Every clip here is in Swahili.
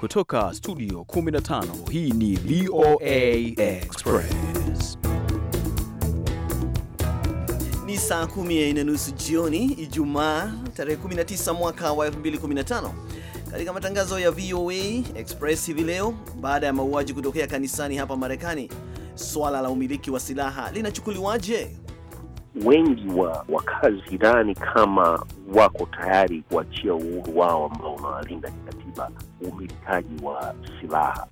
Kutoka studio 15 hii ni VOA Express. Ni saa kumi na nusu jioni Ijumaa tarehe 19 mwaka wa 2015. Katika matangazo ya VOA Express hivi leo, baada ya mauaji kutokea kanisani hapa Marekani, swala la umiliki wa silaha linachukuliwaje? Wengi wa wakazi dhani kama wako tayari kuachia uhuru wao ambao unawalinda kwamba umilikaji wa silaha.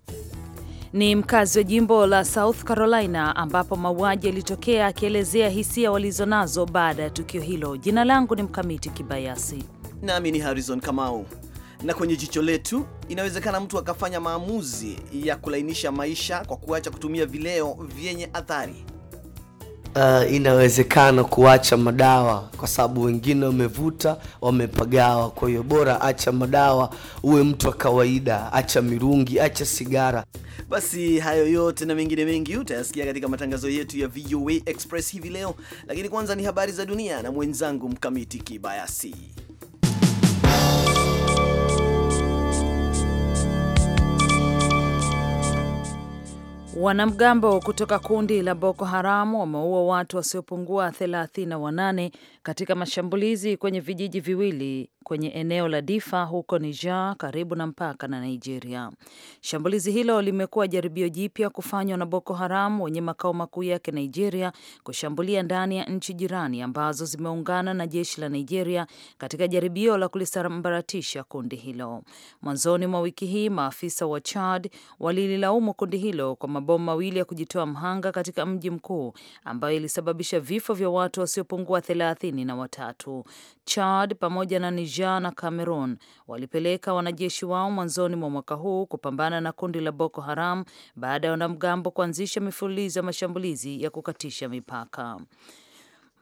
Ni mkazi wa jimbo la South Carolina ambapo mauaji yalitokea, akielezea hisia walizonazo baada ya tukio hilo. Jina langu ni Mkamiti Kibayasi nami ni Harrison Kamau na kwenye jicho letu, inawezekana mtu akafanya maamuzi ya kulainisha maisha kwa kuacha kutumia vileo vyenye athari uh, inawezekana kuacha madawa kwa sababu wengine wamevuta wamepagawa. Kwa hiyo bora acha madawa, uwe mtu wa kawaida, acha mirungi, acha sigara. Basi hayo yote na mengine mengi utayasikia katika matangazo yetu ya VOA Express hivi leo, lakini kwanza ni habari za dunia na mwenzangu Mkamiti Kibayasi. Wanamgambo kutoka kundi la Boko Haram wameua watu wasiopungua 38 katika mashambulizi kwenye vijiji viwili kwenye eneo la Difa huko Niger, karibu na mpaka na Nigeria. Shambulizi hilo limekuwa jaribio jipya kufanywa na Boko Haram wenye makao makuu yake Nigeria, kushambulia ndani ya nchi jirani ambazo zimeungana na jeshi la Nigeria katika jaribio la kulisambaratisha kundi hilo. Mwanzoni mwa wiki hii, maafisa wa Chad walililaumu kundi hilo kwa mabomu mawili ya kujitoa mhanga katika mji mkuu ambayo ilisababisha vifo vya watu wasiopungua thelathini na watatu. Chad pamoja na Niger Niger na Cameroon walipeleka wanajeshi wao mwanzoni mwa mwaka huu kupambana na kundi la Boko Haram baada ya wanamgambo kuanzisha mifululizo ya mashambulizi ya kukatisha mipaka.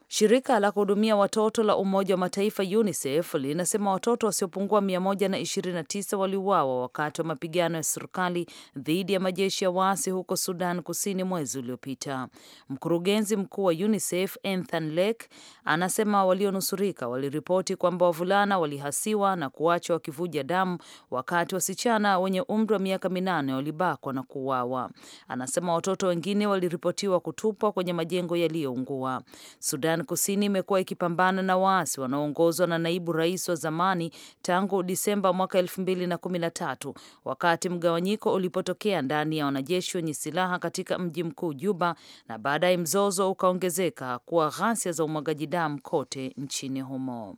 Shirika la kuhudumia watoto la Umoja wa Mataifa UNICEF linasema watoto wasiopungua 129 waliuawa wakati wa mapigano ya serikali dhidi ya majeshi ya waasi huko Sudan Kusini mwezi uliopita. Mkurugenzi mkuu wa UNICEF Ethan Lake anasema walionusurika waliripoti kwamba wavulana walihasiwa na kuachwa wakivuja damu, wakati wasichana wenye umri wa miaka minane walibakwa na kuuawa. Anasema watoto wengine waliripotiwa kutupwa kwenye majengo yaliyoungua Sudan Sudan Kusini imekuwa ikipambana na waasi wanaoongozwa na naibu rais wa zamani tangu Disemba mwaka elfu mbili na kumi na tatu wakati mgawanyiko ulipotokea ndani ya wanajeshi wenye silaha katika mji mkuu Juba, na baadaye mzozo ukaongezeka kuwa ghasia za umwagaji damu kote nchini humo.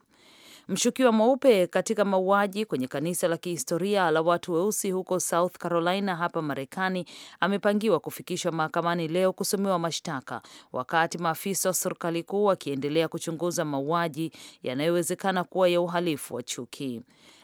Mshukiwa mweupe katika mauaji kwenye kanisa la kihistoria la watu weusi huko South Carolina hapa Marekani amepangiwa kufikishwa mahakamani leo kusomewa mashtaka, wakati maafisa wa serikali kuu wakiendelea kuchunguza mauaji yanayowezekana kuwa ya uhalifu wa chuki.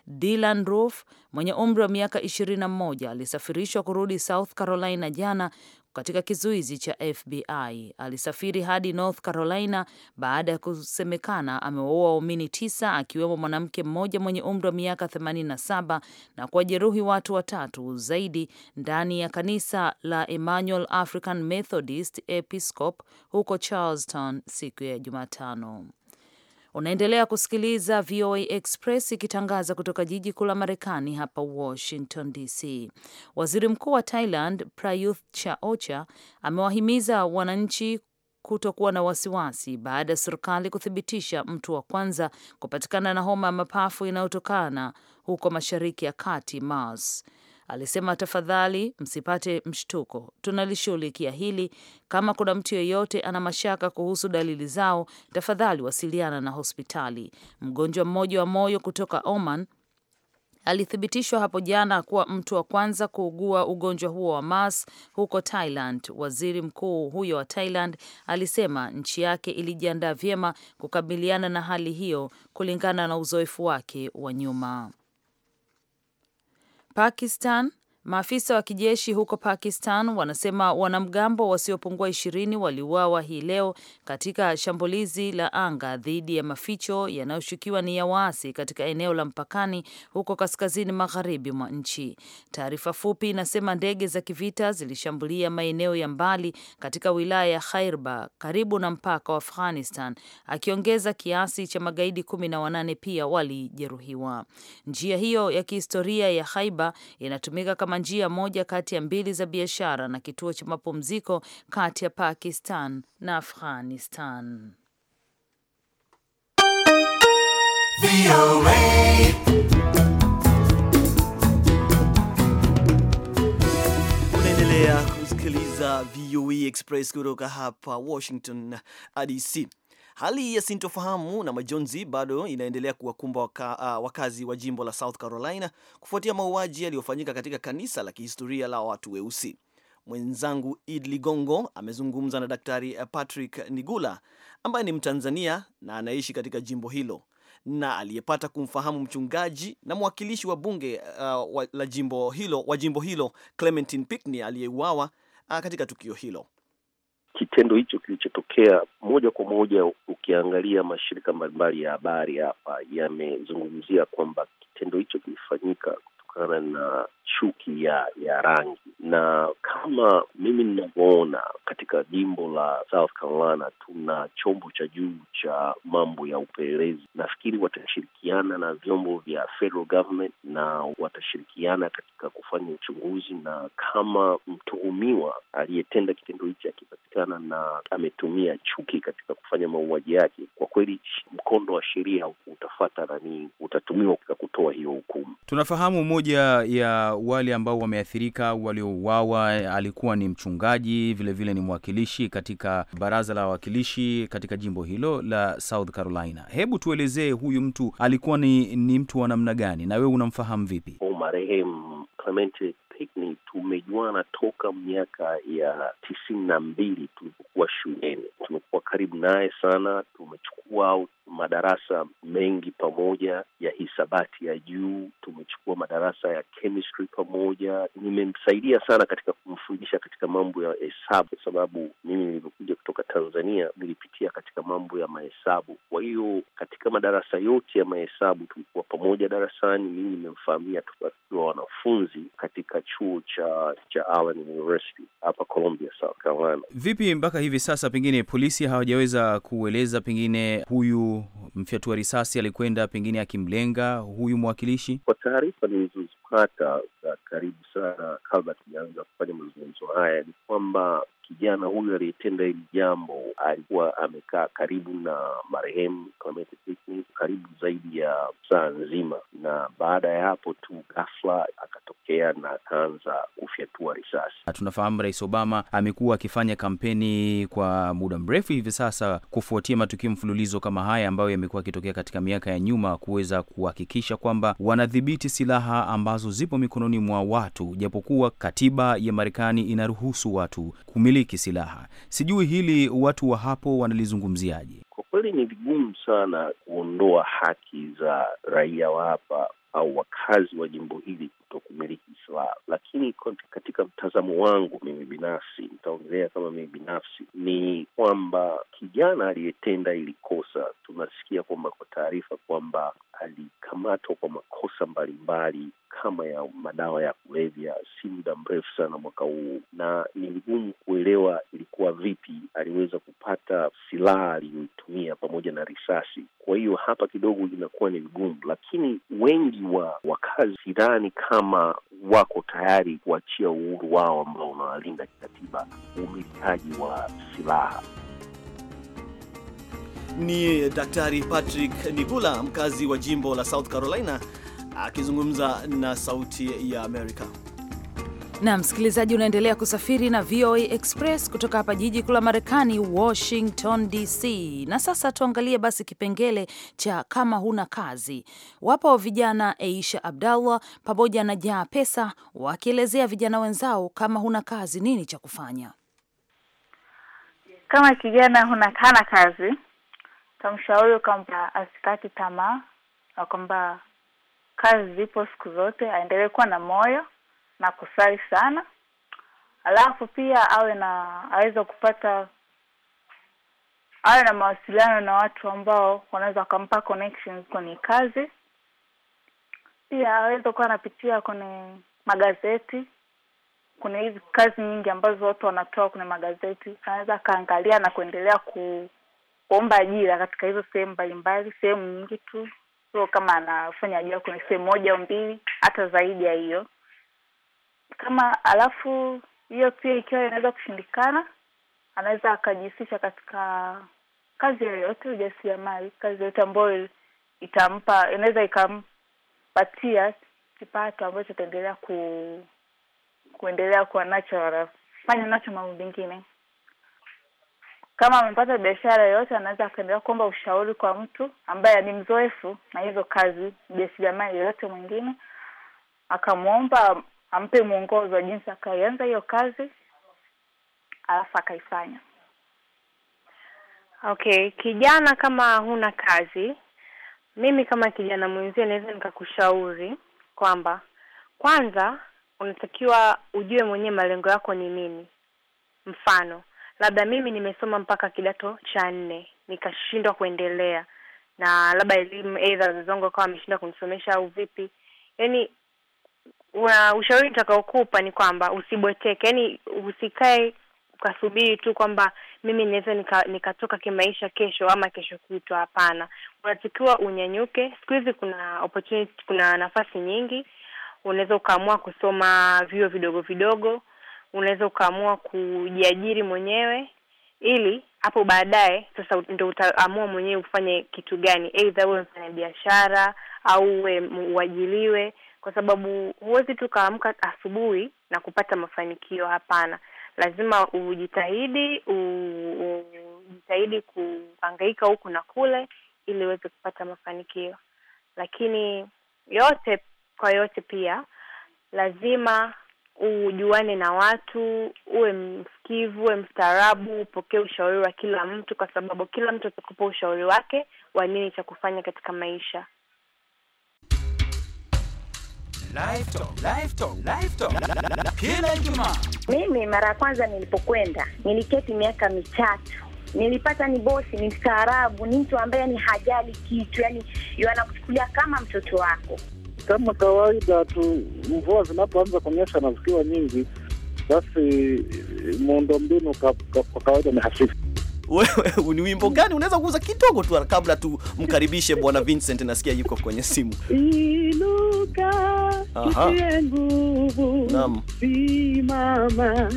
Dylan Roof mwenye umri wa miaka 21 alisafirishwa kurudi South Carolina jana katika kizuizi cha FBI. Alisafiri hadi North Carolina baada ya kusemekana amewaua waumini tisa akiwemo mwanamke mmoja mwenye umri wa miaka 87 na kuwajeruhi watu watatu zaidi ndani ya kanisa la Emmanuel African Methodist Episcop huko Charlestown siku ya Jumatano. Unaendelea kusikiliza VOA Express ikitangaza kutoka jiji kuu la Marekani, hapa Washington DC. Waziri Mkuu wa Thailand Prayuth Chaocha amewahimiza wananchi kutokuwa na wasiwasi baada ya serikali kuthibitisha mtu wa kwanza kupatikana na homa ya mapafu inayotokana huko Mashariki ya Kati, MARS. Alisema, tafadhali msipate mshtuko, tunalishughulikia hili. Kama kuna mtu yeyote ana mashaka kuhusu dalili zao, tafadhali wasiliana na hospitali. Mgonjwa mmoja wa moyo kutoka Oman alithibitishwa hapo jana kuwa mtu wa kwanza kuugua ugonjwa huo wa MERS huko Thailand. Waziri mkuu huyo wa Thailand alisema nchi yake ilijiandaa vyema kukabiliana na hali hiyo kulingana na uzoefu wake wa nyuma. Pakistan Maafisa wa kijeshi huko Pakistan wanasema wanamgambo wasiopungua ishirini waliuawa hii leo katika shambulizi la anga dhidi ya maficho yanayoshukiwa ni ya waasi katika eneo la mpakani huko kaskazini magharibi mwa nchi. Taarifa fupi inasema ndege za kivita zilishambulia maeneo ya mbali katika wilaya ya Khairba karibu na mpaka wa Afghanistan, akiongeza kiasi cha magaidi kumi na wanane pia walijeruhiwa. Njia hiyo ya kihistoria ya Khaiba inatumika kama kama njia moja kati ya mbili za biashara na kituo cha mapumziko kati ya Pakistan na Afghanistan. Unaendelea kusikiliza VOA e Express kutoka hapa Washington DC. Hali ya sintofahamu na majonzi bado inaendelea kuwakumba waka, uh, wakazi wa jimbo la South Carolina kufuatia mauaji yaliyofanyika katika kanisa la kihistoria la watu weusi. Mwenzangu Id Ligongo amezungumza na Daktari uh, Patrick Nigula ambaye ni Mtanzania na anaishi katika jimbo hilo na aliyepata kumfahamu mchungaji na mwakilishi wa bunge uh, wa, la jimbo hilo, wa jimbo hilo Clementine Pickney aliyeuawa uh, katika tukio hilo kitendo hicho kilichotokea moja kwa moja, ukiangalia mashirika mbalimbali ya habari hapa yamezungumzia kwamba kitendo hicho kilifanyika kutokana na chuki ya ya rangi, na kama mimi ninavyoona, katika jimbo la South Carolina tuna chombo cha juu cha mambo ya upelelezi. Nafikiri watashirikiana na vyombo vya federal government na watashirikiana katika kufanya uchunguzi, na kama mtuhumiwa aliyetenda kitendo hichi akipatikana na ametumia chuki katika kufanya mauaji yake, kwa kweli mkondo wa sheria utafata nani, utatumiwa katika kutoa hiyo hukumu. Tunafahamu moja ya wale ambao wameathirika, waliouawa, alikuwa ni mchungaji vilevile vile ni mwakilishi katika baraza la wawakilishi katika jimbo hilo la South Carolina. Hebu tuelezee huyu mtu alikuwa ni, ni mtu wa namna gani na wewe unamfahamu vipi? Marehemu Clemente Pinckney tumejuana toka miaka ya tisini na mbili tulipokuwa shuleni. Tumekuwa karibu naye sana, tumechukua madarasa mengi pamoja ya hisabati ya juu, tumechukua madarasa ya chemistry pamoja. Nimemsaidia sana katika kumfundisha katika mambo ya hesabu, kwa sababu mimi nilivyokuja kutoka Tanzania nilipitia katika mambo ya mahesabu. Kwa hiyo katika madarasa yote ya mahesabu tulikuwa pamoja darasani. Mimi nimemfahamia tukiwa wanafunzi katika chuo cha cha Allen University hapa Columbia, South Carolina. Vipi mpaka hivi sasa, pengine polisi hawajaweza kueleza pengine huyu mfyatua risasi alikwenda pengine akimlenga huyu mwakilishi? Kwa taarifa nilizozipata za karibu sana kabla tujaanza kufanya mazungumzo haya ni kwamba kijana huyu aliyetenda hili jambo alikuwa amekaa karibu na marehemu karibu zaidi ya saa nzima, na baada ya hapo tu ghafla akatokea na akaanza kufyatua risasi. Tunafahamu Rais Obama amekuwa akifanya kampeni kwa muda mrefu hivi sasa kufuatia matukio mfululizo kama haya ambayo yamekuwa akitokea katika miaka ya nyuma, kuweza kuhakikisha kwamba wanadhibiti silaha ambazo zipo mikononi mwa watu, japokuwa katiba ya Marekani inaruhusu watu kumili kumiliki silaha. Sijui hili watu wa hapo wanalizungumziaje? Kwa kweli ni vigumu sana kuondoa haki za raia wa hapa au wakazi wa jimbo hili katika kumiliki silaha, lakini katika mtazamo wangu mimi binafsi, nitaongelea kama mimi binafsi, ni kwamba kijana aliyetenda ili kosa, tunasikia kwamba kwa taarifa kwamba alikamatwa kwa makosa mbalimbali kama ya madawa ya kulevya, si muda mrefu sana mwaka huu, na ni vigumu kuelewa ilikuwa vipi aliweza kupata silaha aliyoitumia pamoja na risasi. Kwa hiyo hapa kidogo inakuwa ni vigumu, lakini wengi wa wakazi sidhani kama kama wako tayari kuachia uhuru wao ambao unawalinda kikatiba umilikaji wa silaha. Ni Daktari Patrick Nibula, mkazi wa jimbo la South Carolina, akizungumza na Sauti ya Amerika na msikilizaji, unaendelea kusafiri na VOA Express kutoka hapa jiji kuu la Marekani, Washington DC. Na sasa tuangalie basi kipengele cha kama huna kazi. Wapo vijana Aisha Abdallah pamoja na Jaa Pesa wakielezea vijana wenzao, kama huna kazi nini cha kufanya. Kama kijana huna hana kazi, tamshauri kwamba asikati tamaa na kwamba kazi zipo siku zote, aendelee kuwa na moyo na kusali sana alafu pia awe na aweze kupata awe na mawasiliano na watu ambao wanaweza wakampa connections kwenye kazi pia aweze kuwa anapitia kwenye magazeti kuna hizi kazi nyingi ambazo watu wanatoa kwenye magazeti anaweza akaangalia na kuendelea ku, kuomba ajira katika hizo sehemu mbalimbali sehemu nyingi tu sio kama anafanya ajira kwenye sehemu moja au mbili hata zaidi ya hiyo kama alafu hiyo pia ikiwa inaweza kushindikana, anaweza akajihusisha katika kazi yoyote, ujasiriamali, kazi yoyote ambayo itampa, inaweza ikampatia kipato ambacho ataendelea ku, kuendelea kuwa nacho, anafanya nacho mambo mengine. Kama amepata biashara yoyote, anaweza akaendelea kuomba ushauri kwa mtu ambaye ni mzoefu na hizo kazi, mjasiriamali yoyote mwingine, akamwomba ampe mwongozo wa jinsi akaianza hiyo kazi alafu akaifanya. Okay, kijana, kama huna kazi, mimi kama kijana mwenzie naweza nikakushauri kwamba kwanza unatakiwa ujue mwenyewe malengo yako ni nini. Mfano, labda mimi nimesoma mpaka kidato cha nne nikashindwa kuendelea na labda elimu, aidha wazazi wangu wakawa wameshindwa kunisomesha au vipi, yaani ushauri nitakaokupa ni kwamba usibweteke, yani usikae ukasubiri tu kwamba mimi naweza nikatoka nika kimaisha kesho ama kesho kutwa. Hapana, unatakiwa unyanyuke. Siku hizi kuna opportunity, kuna nafasi nyingi. Unaweza ukaamua kusoma vio vidogo vidogo, unaweza ukaamua kujiajiri mwenyewe, ili hapo baadaye sasa ndo utaamua mwenyewe ufanye kitu gani, aidha uwe mfanya biashara au uwe uajiliwe kwa sababu huwezi tu ukaamka asubuhi na kupata mafanikio. Hapana, lazima ujitahidi, ujitahidi kuhangaika huku na kule ili uweze kupata mafanikio. Lakini yote kwa yote, pia lazima ujuane na watu, uwe msikivu, uwe mstaarabu, upokee ushauri wa kila mtu, kwa sababu kila mtu atakupa ushauri wake wa nini cha kufanya katika maisha kila Ijumaa. Mimi mara ya kwanza nilipokwenda niliketi miaka mitatu nilipata ni bosi, ni mstaarabu, ni mtu ambaye ni hajali kitu, yani anakuchukulia kama mtoto wako. Kama kawaida tu, mvua zinapoanza kunyesha na zikiwa nyingi, basi eh, muundombinu kwa kawaida ni hafifu. Wewe ni wimbo gani unaweza kuuza kidogo tu kabla tumkaribishe Bwana Vincent, nasikia yuko kwenye simu inuka, tutie nguvu, simama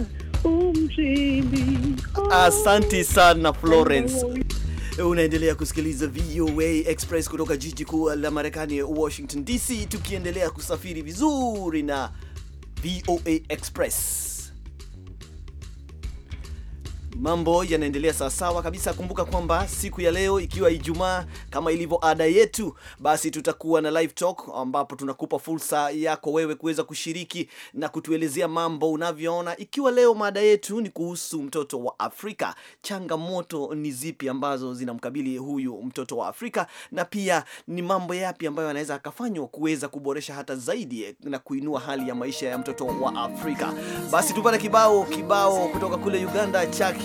umshindi. Asanti sana Florence. Unaendelea kusikiliza VOA Express kutoka jiji kuu la Marekani, Washington DC, tukiendelea kusafiri vizuri na VOA Express Mambo yanaendelea sawasawa kabisa. Kumbuka kwamba siku ya leo ikiwa Ijumaa, kama ilivyo ada yetu, basi tutakuwa na live talk, ambapo tunakupa fursa yako wewe kuweza kushiriki na kutuelezea mambo unavyoona. Ikiwa leo mada yetu ni kuhusu mtoto wa Afrika, changamoto ni zipi ambazo zinamkabili huyu mtoto wa Afrika, na pia ni mambo yapi ambayo anaweza akafanywa kuweza kuboresha hata zaidi na kuinua hali ya maisha ya mtoto wa Afrika. Basi tupate kibao kibao kutoka kule Uganda chake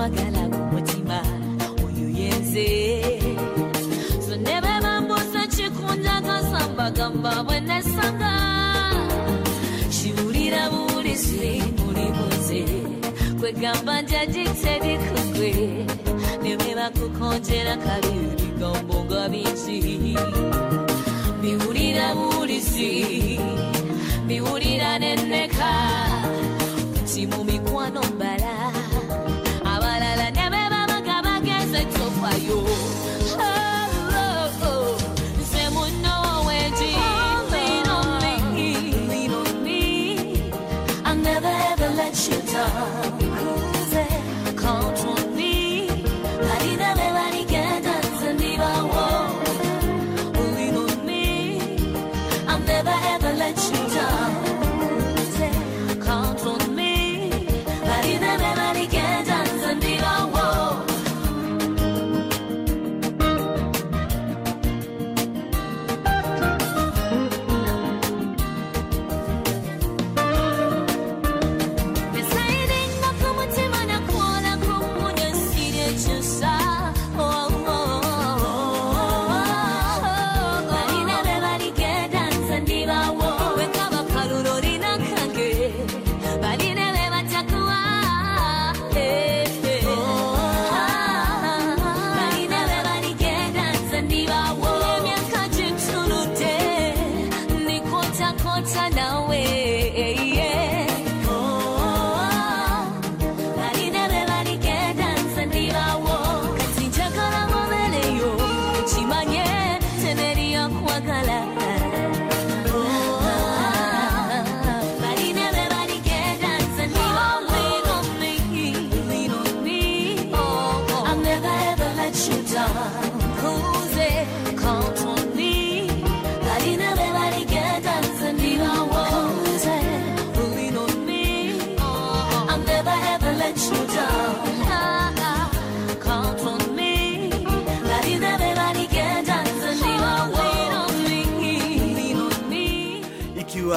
mwagala ku mutima oyuyenze sonebe bambuza kikunja kasambagamba bwe nesanga kiwulira buwulizi mulimuze kwegamba njagiterikugwe nebwe bakukonjera kabi bigambo nga bingi biwulira buwulizi biwulira neneka ti mu mikwano mbala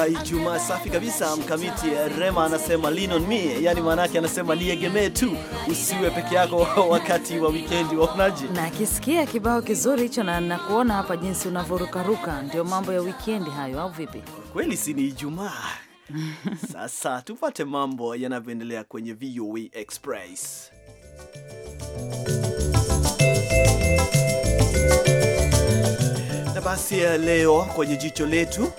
Ijumaa, safi kabisa. Mkamiti Rema anasema lean on me, yani maanake anasema niegemee tu, usiwe peke yako wakati wa wikendi. Waonaje? na kisikia kibao kizuri hicho, na nakuona hapa jinsi unavyorukaruka, ndio mambo ya wikendi hayo, au vipi? Kweli si ni Ijumaa. Sasa tupate mambo yanavyoendelea kwenye VOA Express. Na basi eh, leo kwenye jicho letu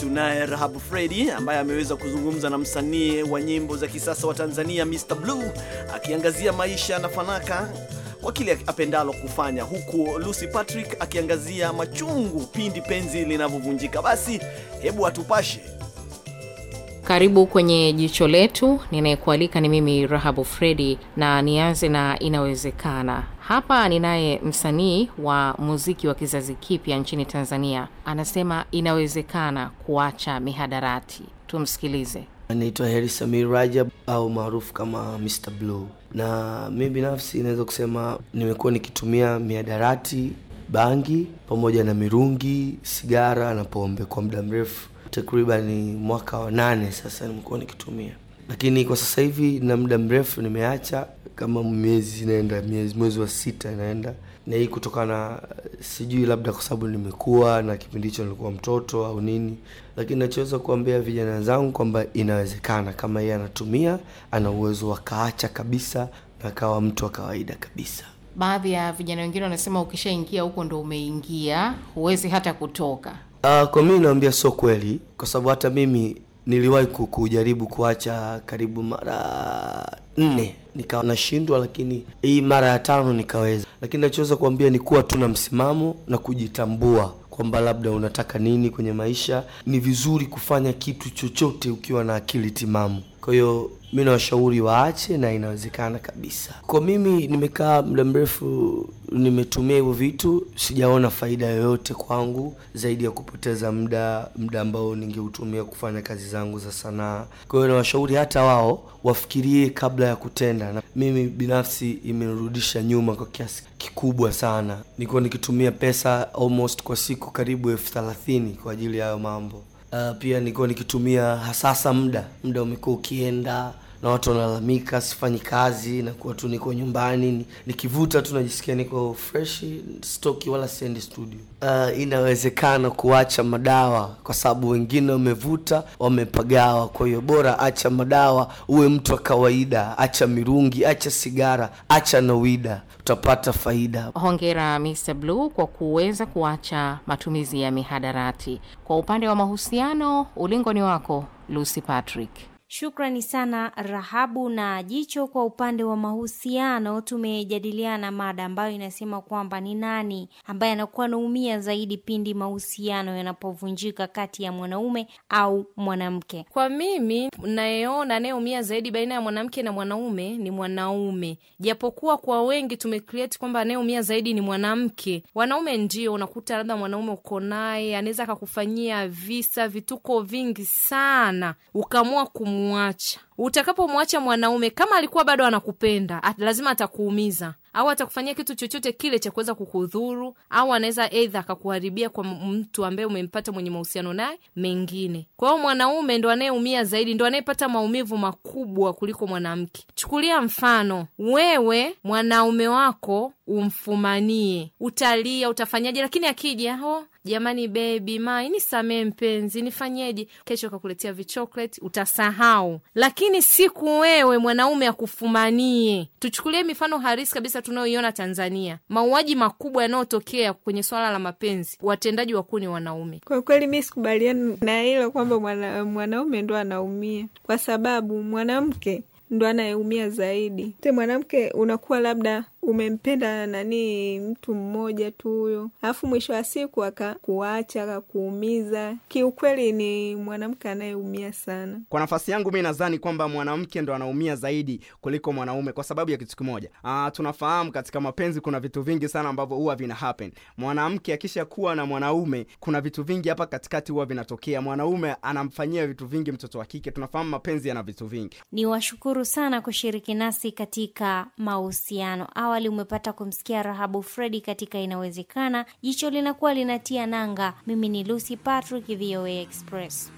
tunaye Rahabu Fredi ambaye ameweza kuzungumza na msanii wa nyimbo za kisasa wa Tanzania Mr Blue akiangazia maisha na fanaka kwa kile apendalo kufanya, huku Lucy Patrick akiangazia machungu pindi penzi linavyovunjika. Basi hebu atupashe. Karibu kwenye jicho letu. Ninayekualika ni mimi Rahabu Fredi, na nianze na inawezekana hapa ninaye msanii wa muziki wa kizazi kipya nchini Tanzania, anasema inawezekana kuacha mihadarati. Tumsikilize. Anaitwa Heri Samir Rajab au maarufu kama Mr Blue, na mi binafsi inaweza kusema nimekuwa nikitumia mihadarati, bangi pamoja na mirungi, sigara na pombe kwa muda mrefu, takribani mwaka wa nane sasa nimekuwa nikitumia, lakini kwa sasa hivi na muda mrefu nimeacha kama miezi inaenda miezi mwezi wa sita inaenda, na hii kutokana sijui, labda kwa sababu nimekuwa na kipindi hicho nilikuwa mtoto au nini, lakini nachoweza kuambia vijana zangu kwamba inawezekana kama yeye anatumia, ana uwezo wakaacha kabisa na akawa mtu wa kawaida kabisa. Baadhi ya vijana wengine wanasema ukishaingia huko ndo umeingia, huwezi hata kutoka. Uh, kwa mii naambia sio kweli, kwa sababu hata mimi niliwahi kujaribu kuacha karibu mara nne nikawa nashindwa, lakini hii mara ya tano nikaweza. Lakini nachoweza kuambia ni kuwa tuna msimamo na kujitambua kwamba labda unataka nini kwenye maisha. Ni vizuri kufanya kitu chochote ukiwa na akili timamu. Kwa hiyo mi nawashauri waache, na inawezekana kabisa. Kwa mimi nimekaa muda mrefu, nimetumia hivyo vitu, sijaona faida yoyote kwangu zaidi ya kupoteza muda, muda ambao ningeutumia kufanya kazi zangu za sanaa. Kwa hiyo nawashauri hata wao wafikirie kabla ya kutenda, na mimi binafsi imenirudisha nyuma kwa kiasi kikubwa sana. Nilikuwa nikitumia pesa almost kwa siku karibu elfu thelathini kwa ajili ya hayo mambo. Uh, pia nilikuwa nikitumia hasasa muda muda umekuwa ukienda na watu wanalalamika sifanyi kazi, nakuwa tu niko nyumbani nikivuta tu najisikia niko fresh stoki, wala siendi studio. Uh, inawezekana kuacha madawa kwa sababu wengine wamevuta wamepagawa. Kwa hiyo bora acha madawa, uwe mtu wa kawaida, acha mirungi, acha sigara, acha na wida tutapata faida. Hongera Mr Blue kwa kuweza kuacha matumizi ya mihadarati. Kwa upande wa mahusiano, ulingo ni wako Lucy Patrick. Shukrani sana Rahabu. Na jicho kwa upande wa mahusiano, tumejadiliana mada ambayo inasema kwamba ni nani ambaye anakuwa anaumia zaidi pindi mahusiano yanapovunjika kati ya mwanaume au mwanamke. Kwa mimi nayeona anayeumia zaidi baina ya mwanamke na mwanaume ni mwanaume, japokuwa kwa wengi tumecreate kwamba anayeumia zaidi ni mwanamke. Wanaume ndio unakuta labda mwanaume uko naye anaweza akakufanyia visa vituko vingi sana ukaamua kum kumuacha. Utakapomwacha mwanaume, kama alikuwa bado anakupenda at, lazima atakuumiza au atakufanyia kitu chochote kile cha kuweza kukudhuru, au anaweza eidha akakuharibia kwa mtu ambaye umempata mwenye mahusiano naye mengine. Kwa hiyo mwanaume ndo anayeumia zaidi, ndo anayepata maumivu makubwa kuliko mwanamke. Chukulia mfano, wewe mwanaume wako umfumanie, utalia, utafanyaje, lakini akija oh, jamani bebi mai nisamee mpenzi nifanyeje kesho kakuletea vichokleti utasahau lakini siku wewe mwanaume akufumanie tuchukulie mifano harisi kabisa tunayoiona tanzania mauaji makubwa yanayotokea kwenye swala la mapenzi watendaji wakuu ni wanaume kwa kweli mi sikubaliani na hilo kwamba mwana, mwanaume ndo anaumia kwa sababu mwanamke ndo anayeumia zaidi te mwanamke unakuwa labda umempenda nani mtu mmoja tu huyo, alafu mwisho wa siku akakuacha akakuumiza. Kiukweli ni mwanamke anayeumia sana. Kwa nafasi yangu, mi nadhani kwamba mwanamke ndo anaumia zaidi kuliko mwanaume kwa sababu ya kitu kimoja. Ah, tunafahamu katika mapenzi kuna vitu vingi sana ambavyo huwa vina happen. Mwanamke akisha kuwa na mwanaume, kuna vitu vingi hapa katikati huwa vinatokea. Mwanaume anamfanyia vitu vingi mtoto wa kike, tunafahamu mapenzi yana vitu vingi. Ni washukuru sana kushiriki nasi katika mahusiano awali umepata kumsikia Rahabu Fredi katika Inawezekana. Jicho linakuwa linatia nanga. Mimi ni Lucy Patrick, VOA Express.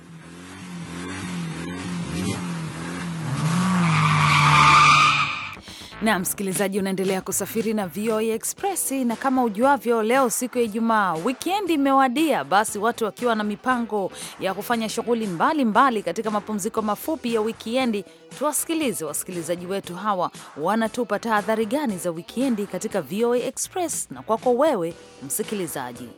na msikilizaji, unaendelea kusafiri na VOA Express, na kama ujuavyo, leo siku ya Ijumaa, wikendi imewadia. Basi watu wakiwa na mipango ya kufanya shughuli mbalimbali katika mapumziko mafupi ya wikendi, tuwasikilize wasikilizaji wetu hawa wanatupa tahadhari gani za wikendi katika VOA Express na kwako wewe msikilizaji.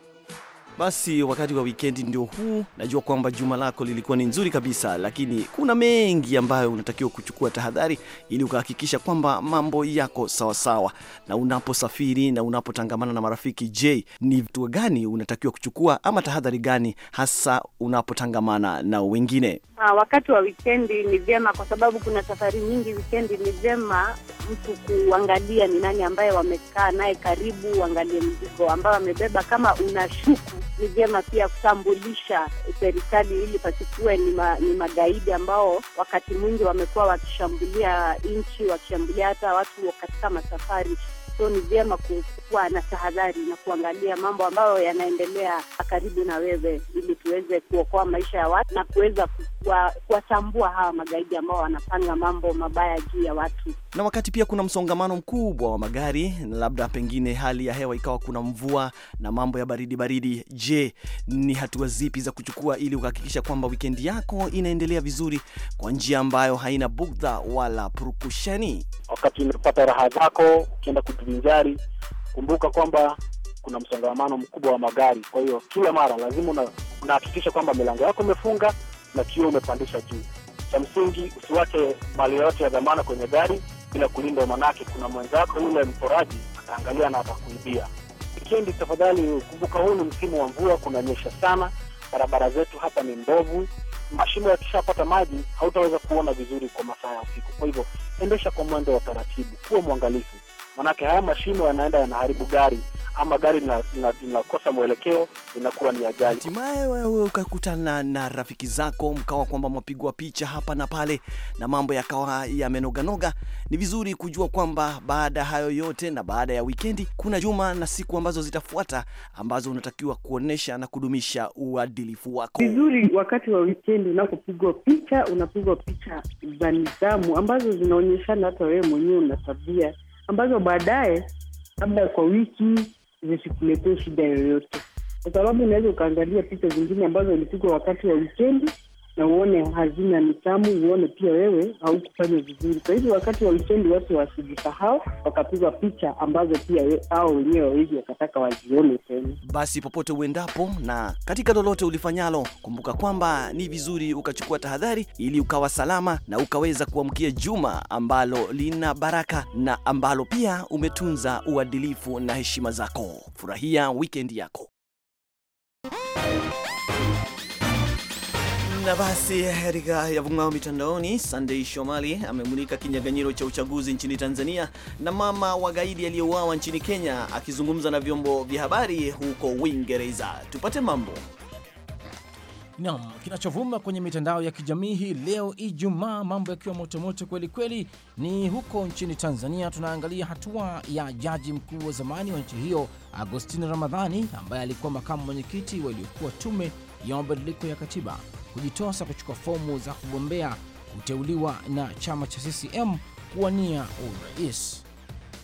Basi wakati wa wikendi ndio huu. Najua kwamba juma lako lilikuwa ni nzuri kabisa, lakini kuna mengi ambayo unatakiwa kuchukua tahadhari ili ukahakikisha kwamba mambo yako sawasawa sawa. Na unaposafiri na unapotangamana na marafiki, je, ni vitu gani unatakiwa kuchukua ama tahadhari gani hasa unapotangamana na wengine? Ah, wakati wa wikendi ni vyema kwa sababu kuna safari nyingi wikendi. Ni vyema mtu kuangalia ni nani ambaye wamekaa naye karibu, uangalie mzigo ambao amebeba. Kama una shuku, ni vyema pia kutambulisha serikali ili pasikuwe ni, ma, ni magaidi ambao wakati mwingi wamekuwa wakishambulia nchi, wakishambulia hata watu katika masafari, so ni vyema ku kuwa na tahadhari na kuangalia mambo ambayo yanaendelea karibu na wewe, ili tuweze kuokoa maisha ya watu na kuweza kuwatambua hawa magaidi ambao wanapanga mambo mabaya juu ya watu. Na wakati pia kuna msongamano mkubwa wa magari, labda pengine hali ya hewa ikawa kuna mvua na mambo ya baridi baridi, je, ni hatua zipi za kuchukua ili kuhakikisha kwamba wikendi yako inaendelea vizuri kwa njia ambayo haina bugdha wala purukushani? Wakati umepata raha zako, ukienda kujivinjari, kumbuka kwamba kuna msongamano mkubwa wa magari. Kwa hiyo kila mara lazima unahakikisha kwamba milango yako imefunga na kioo umepandisha juu. Cha msingi usiwache mali yoyote ya dhamana kwenye gari bila kulinda manake kuna mwenzako yule mporaji ataangalia na atakuibia. Wikendi tafadhali kumbuka, huu ni msimu wa mvua, kunanyesha sana, barabara zetu hapa ni mbovu. Mashimo yakishapata maji hautaweza kuona vizuri kwa masaa ya usiku. Kwa hivyo endesha kwa mwendo wa taratibu, kuwa mwangalifu. Manake haya mashimo yanaenda yanaharibu gari ama gari linakosa mwelekeo, inakuwa ni ajali. Hatimaye wewe ukakutana na rafiki zako, mkawa kwamba mwapigwa picha hapa na pale, na mambo yakawa yamenoganoga. Ni vizuri kujua kwamba baada ya hayo yote na baada ya wikendi, kuna juma na siku ambazo zitafuata, ambazo unatakiwa kuonyesha na kudumisha uadilifu wako vizuri. Wakati wa wikendi unapopigwa picha, unapigwa picha za nidhamu ambazo zinaonyeshana hata wewe mwenyewe una tabia ambazo baadaye labda kwa wiki zisikuletee shida yoyote, kwa sababu unaweza ukaangalia picha zingine ambazo ilipigwa wakati wa wikendi na uone hazina ni tamu, uone pia wewe haukufanya vizuri. Kwa hivyo wakati wa wikendi watu wasijisahau, wakapigwa picha ambazo pia hao wenyewe wawili wakataka wazione tena. Basi popote uendapo na katika lolote ulifanyalo, kumbuka kwamba ni vizuri ukachukua tahadhari ili ukawa salama na ukaweza kuamkia juma ambalo lina baraka na ambalo pia umetunza uadilifu na heshima zako. Furahia wikendi yako na basi, katika yavungao mitandaoni, sandey Shomali amemulika kinyaganyiro cha uchaguzi nchini Tanzania na mama wa gaidi aliyeuawa nchini Kenya, akizungumza na vyombo vya habari huko Uingereza. Tupate mambo nam kinachovuma kwenye mitandao ya kijamii hii leo Ijumaa, mambo yakiwa motomoto kweli kweli, ni huko nchini Tanzania. Tunaangalia hatua ya jaji mkuu wa zamani wa nchi hiyo Agostino Ramadhani, ambaye alikuwa makamu mwenyekiti waliokuwa tume ya mabadiliko ya katiba kujitosa kuchukua fomu za kugombea kuteuliwa na chama cha CCM kuwania urais.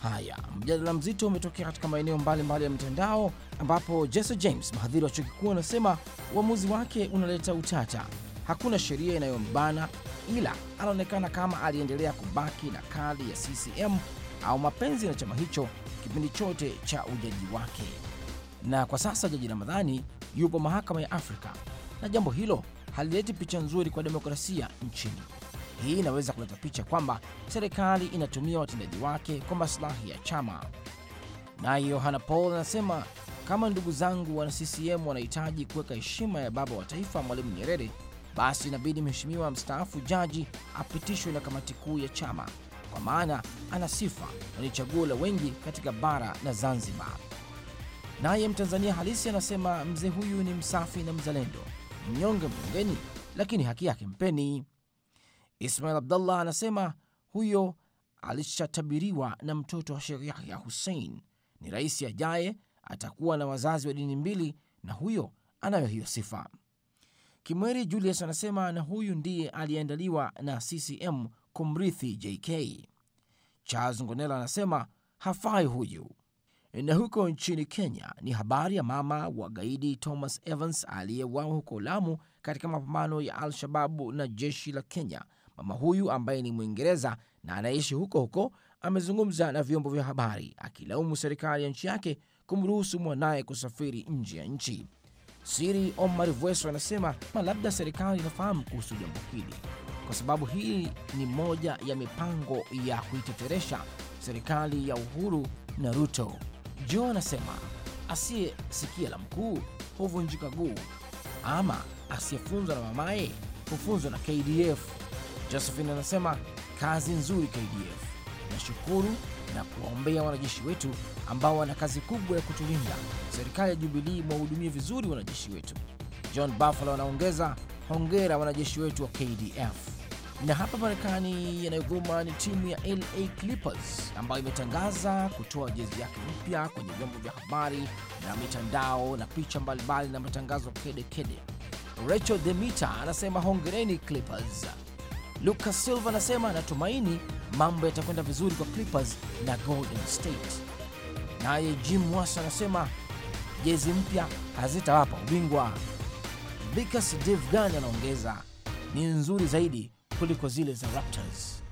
Haya, mjadala mzito umetokea katika maeneo mbalimbali ya mtandao, ambapo Jesse James, mhadhiri wa chuo kikuu, anasema uamuzi wake unaleta utata. Hakuna sheria inayombana, ila anaonekana kama aliendelea kubaki na kadi ya CCM au mapenzi na chama hicho kipindi chote cha ujaji wake. Na kwa sasa Jaji Ramadhani yupo mahakama ya Afrika na jambo hilo halileti picha nzuri kwa demokrasia nchini. Hii inaweza kuleta picha kwamba serikali inatumia watendaji wake kwa masilahi ya chama. Naye Yohana Paul anasema kama ndugu zangu wana CCM wanahitaji kuweka heshima ya baba wa taifa Mwalimu Nyerere, basi inabidi mheshimiwa mstaafu jaji apitishwe na kamati kuu ya chama, kwa maana ana sifa na ni chaguo la wengi katika bara na Zanzibar. Naye Mtanzania halisi anasema mzee huyu ni msafi na mzalendo, mnyonge mnyongeni, lakini haki yake mpeni. Ismail Abdallah anasema huyo alishatabiriwa na mtoto wa Sheikh Yahya Hussein. Ni rais ajaye atakuwa na wazazi wa dini mbili, na huyo anayo hiyo sifa. Kimweri Julius anasema na huyu ndiye aliyeandaliwa na CCM kumrithi JK. Charles Ngonela anasema hafai huyu. Na huko nchini Kenya ni habari ya mama wa gaidi Thomas Evans aliyeuawa huko Lamu katika mapambano ya Al-Shababu na jeshi la Kenya. Mama huyu ambaye ni Mwingereza na anaishi huko huko amezungumza na vyombo vya habari akilaumu serikali ya nchi yake kumruhusu mwanaye kusafiri nje ya nchi. Siri Omar Vueso anasema labda serikali inafahamu kuhusu jambo hili, kwa sababu hii ni moja ya mipango ya kuiteteresha serikali ya Uhuru na Ruto jo anasema asiyesikia la mkuu huvunjika guu, ama asiyefunzwa na mamaye hufunzwa na KDF. josephin anasema kazi nzuri KDF, nashukuru na kuwaombea wanajeshi wetu ambao wana kazi kubwa ya kutulinda. Serikali ya Jubilii imewahudumia vizuri wanajeshi wetu. John Buffalo anaongeza hongera wanajeshi wetu wa KDF. Na hapa Marekani yanayovuma ni timu ya LA Clippers ambayo imetangaza kutoa jezi yake mpya kwenye vyombo vya habari na mitandao na picha mbalimbali na matangazo kedekede. Rachel Demita anasema hongereni Clippers. Lucas Silva anasema anatumaini mambo yatakwenda vizuri kwa Clippers na Golden State. Naye Jim was anasema jezi mpya hazitawapa ubingwa. Vikas Devgan anaongeza ni nzuri zaidi kuliko zile za Raptors.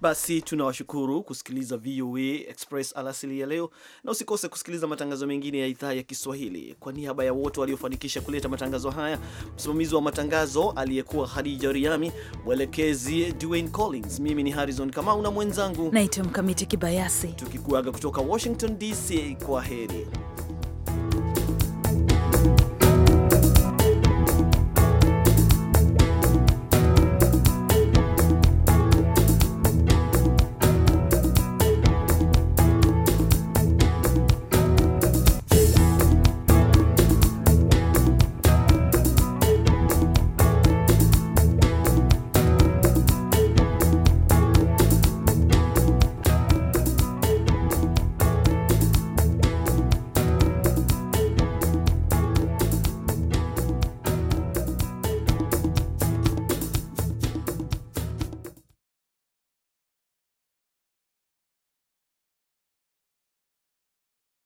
Basi tunawashukuru kusikiliza VOA Express alasili ya leo, na usikose kusikiliza matangazo mengine ya idhaa ya Kiswahili. Kwa niaba ya wote waliofanikisha kuleta matangazo haya, msimamizi wa matangazo aliyekuwa Hadija Riami, mwelekezi Dwayne Collins, mimi ni Harrison Kamau na mwenzangu naitwa Mkamiti Kibayasi, tukikuaga kutoka Washington DC. Kwa heri.